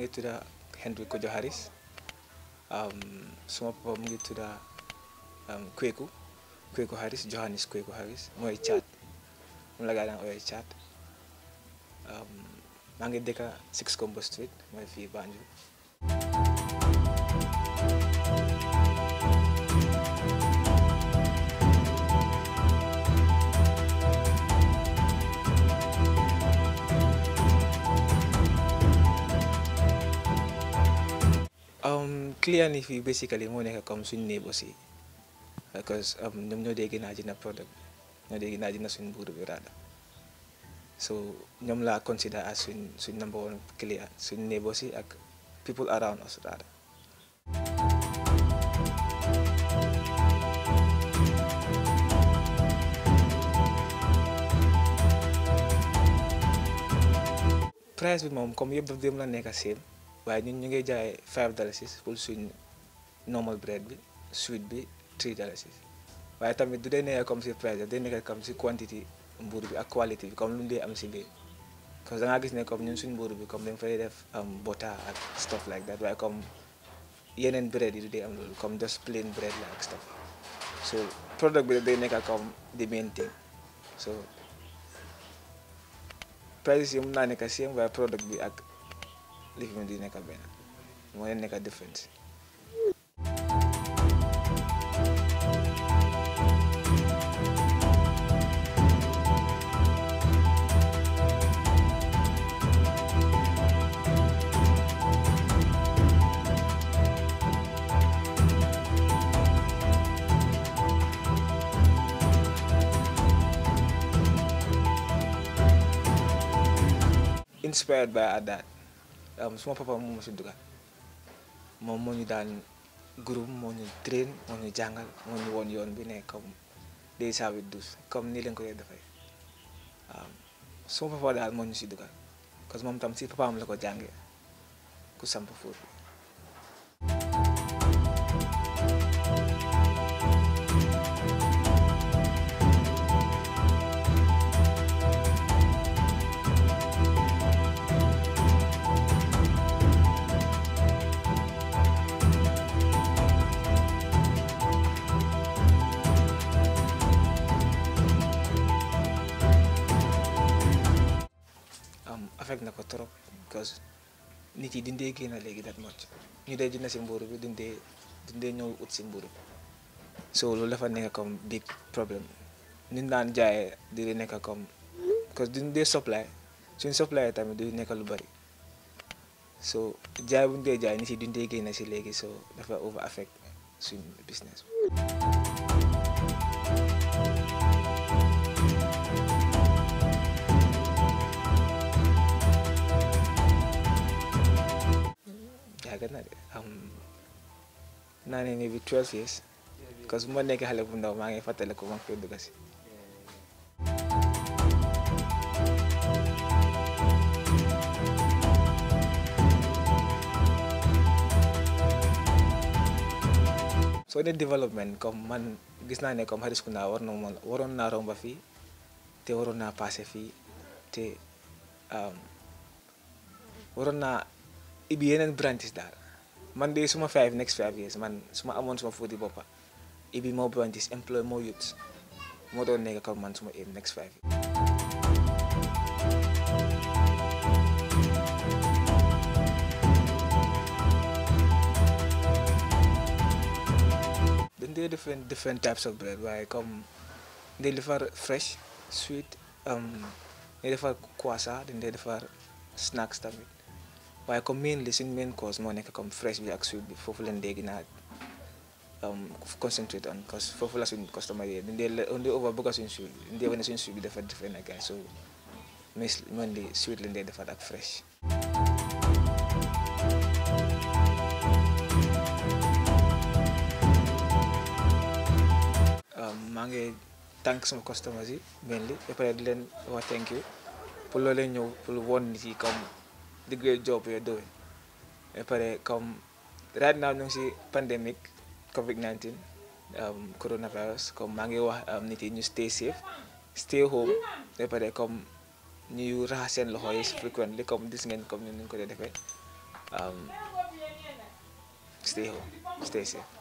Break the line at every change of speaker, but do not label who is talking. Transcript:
ngi t u d a Henry Kojo Harris suma papa mu ngi tudda Kweku Kweku Harris Johannes Kweku Harris m o a y c h a t mu la gaa daan ooyee caat maa ngi dëkka Six Combo Street m o a y fii b a n j u Um, client yi fii basically moo nekk comme suñ néeg aussi because um, ñoom ñoo dee gën suñu mburu laa consider as suñ suñ number one client suñu néeg ak people around us raada price bi moom comme yëpp daf dem la nekk same waaye ñun ñu ngi jaay five dollars pour suñ normal bread bi sweet bi three dollars. waaye tamit du dee nekk comme si price day nekk comme si quantity mbuur bi ak quality bi comme lu We dee am si biir parce que da ngaa gis ne comme ñun suñ mbuur bi comme dañ fay def um, bota ak stuff like that waaye comme yeneen bread yi du dee am loolu comme just plain bread la ak stuff so product bi day nekk comme the main thing so prices yi mun naa nekk same waaye product bi ak lifin di the benn moo leen nekk difference inspired by that Euh, suma papa moom moo si dugal moom moo ñu daan groupe moo ñu train moo ñu jàngal moo ñu woon yoon bi ne comme day saabit douce comme nii lañ ko dee dafay waaw suma papa daal moo ñu si dugal parce moom tam si papaam la ko jàngee ku samp fóot affect na ko trop because nit yi dindee génn léegi that much ñu dee dina si mburu bi dindee dindee ñëw ut si mburu bi so loolu dafa nekk comme big problème ñu daan jaayee di nekk comme because duñ dee supply suñ supply tamit du nekk lu bari so jaay buñ dee jaay nit yi duñ dee génn si léegi so dafa over affect suñ business. gën a am um, naa ne years parce que bu nekkee xale bu ndaw maa ngi fàttaliku ma fi soo ne développement comme man gis naa ne comme Xariskunta war na ma waroon naa romba fii te waroon naa passé fii te um, waroon naa. ibigay ng branches dara man di suma 5 next 5 years man suma amoon suma fuuti boppa ibi more branches employ more youths moo doon nekk kaw man suma aim next 5 years there are different different types of bread waaye come dañ defar fresh sweet um dañ defar kwasa dañ defar snacks tamit waaye comme mainly suñ main moo nekk comme fresh bi ak sweet bi foofu leen dee gën a um, concentrate on cause foofu la suñ customer yi dañ dee on a suñ sweet ak so mais mainly sweet leen dee fresh um, maa ngi tànk sama customers yi mainly ba di leen wax thank you pour loolu ñëw pour woon nit yi comme the great job you're doing. But come right naa nung si pandemic, COVID-19, um, coronavirus, comme maa ngi wax um, nit yi ñu stay safe, stay home. Ba pare comme ñu raxas seen loxo yi frequently comme gis ngeen comme ni ñu ko dee defee um, stay home, stay safe.